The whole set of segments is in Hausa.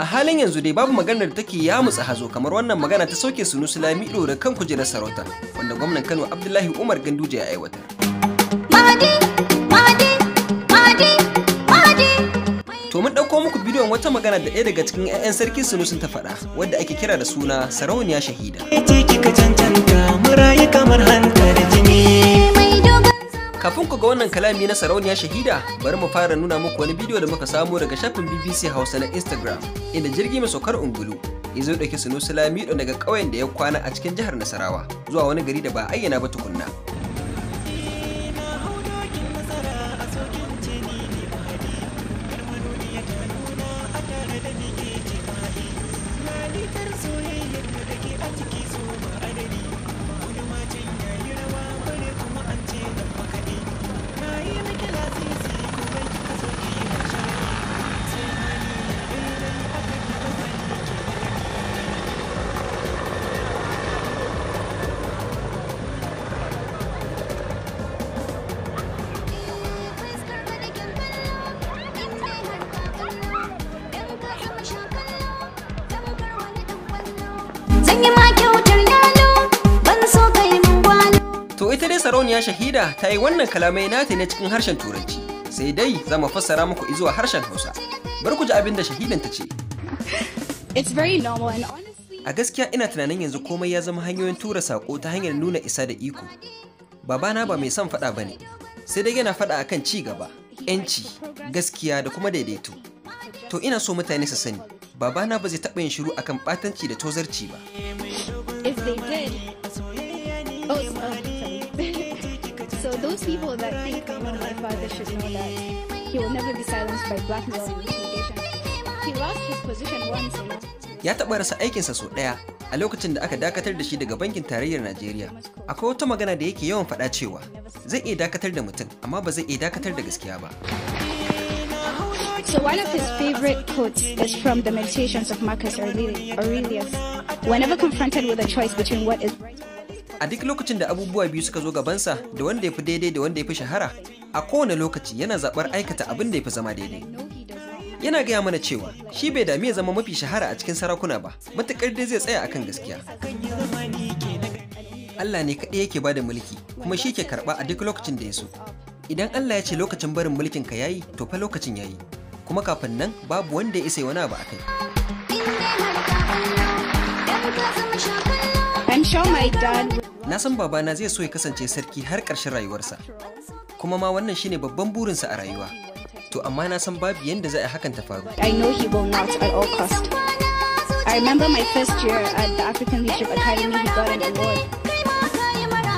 a halin yanzu dai babu maganar da take ya mutsa hazo kamar wannan magana ta sauke sunusu lamido da kan kujerar sarauta wanda gwamnan kano abdullahi umar ganduje ya aiwatar to mun ɗauko muku bidiyon wata magana da ɗaya daga cikin 'ya'yan sarki sun ta faɗa wadda ake kira da suna sarauniya shahida Kafin ku ga wannan kalami na sarauniya shahida, bari mu fara nuna muku wani bidiyo da muka samu daga shafin BBC Hausa na Instagram, inda jirgi mai saukar ungulu ya zo ɗauki Sunusi Lamido daga ƙauyen da ya kwana a cikin jihar Nasarawa zuwa wani gari da ba ayyana ba tukunna. Thank you. To ita dai sarauniya shahida ta yi wannan kalamai nata ne cikin harshen turanci sai dai zama fassara muku izuwa harshen hausa bar ku ji abin da shahidan ta ce. A gaskiya ina tunanin yanzu komai ya zama hanyoyin tura sako ta hanyar nuna isa da iko. Babana ba mai son faɗa ba ne, sai dai yana faɗa akan ci gaba, 'yanci, gaskiya da kuma daidaito. To ina so mutane su sani, babana ba zai taɓa yin shiru akan ɓatanci da tozarci ba. Ya taɓa rasa aikinsa sau ɗaya a lokacin da aka dakatar da shi daga bankin tarayyar Najeriya. Akwai wata magana da yake yawan faɗa cewa zai iya dakatar da mutum amma ba zai iya dakatar da gaskiya ba. So one of his favorite quotes is from the Meditations of Marcus Aurelius. Whenever confronted with a choice between what is right A duk lokacin da abubuwa biyu suka zo gabansa da wanda ya fi daidai da wanda ya fi shahara, a kowane lokaci yana zaɓar aikata abin da ya fi zama daidai. Yana gaya mana cewa shi bai dami ya zama mafi shahara a cikin sarakuna ba, matuƙar dai zai tsaya akan gaskiya. Allah ne kaɗai yake bada mulki, kuma shi ke karɓa a duk lokacin da ya so. Idan Allah ya ce lokacin barin mulkin ka yayi, to fa lokacin yayi. kuma kafin nan babu wanda ya isa wani abu a kai. Na san babana zai so ya kasance sarki har ƙarshen rayuwarsa, kuma ma wannan shine babban burinsa a rayuwa. To amma na san babu yadda za a hakan ta faru. I he will not at remember my first the African Leadership Academy, he got an um,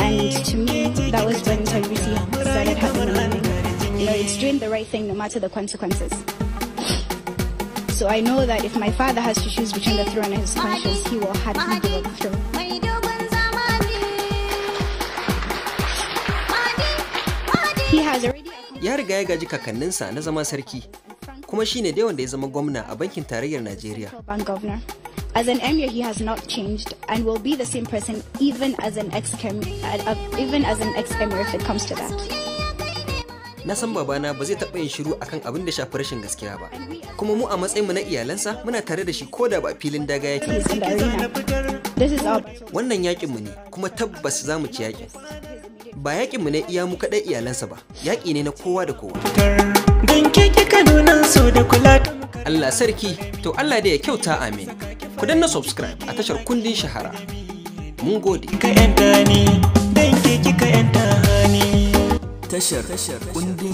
And to me, that was it's doing the right thing no matter the consequences. So I know that if my father has to choose between the throne and his conscience, he will to give up the throne. Ya riga ya gaji kakanninsa na zama sarki, kuma shi ne wanda ya zama gwamna a bankin tarayyar Najeriya. As an emir, he has not changed and will be the same person even as an uh, ex-emir if it comes to that. na san babana ba zai taɓa yin shiru akan abin da shafi rashin gaskiya ba kuma mu a matsayinmu na iyalansa muna tare da shi ko da ba filin daga yake wannan mu ne kuma tabbas za mu ci yaƙin ba mu ne iya mu kaɗai iyalansa ba yaƙi ne na kowa da kowa Allah sarki to Allah da ya kyauta amin ku danna subscribe a tashar kundin shahara mun gode ka yanta ni dan ke kika yanta tashar kundin